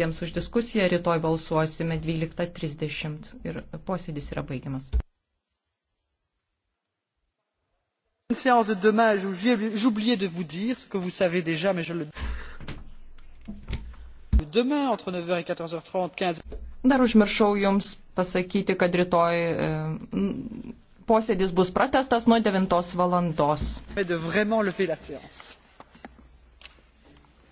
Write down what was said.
visiems už diskusiją. Rytoj balsuosime 12.30 ir posėdis yra baigiamas. Une séance de dommage où j'oubliais de vous dire ce que vous savez déjà, mais je le demain entre 9h et 14h30, 15. Dar užmiršau jums pasakyti, kad rytoj e, posėdis bus pratestas nuo 9 valandos.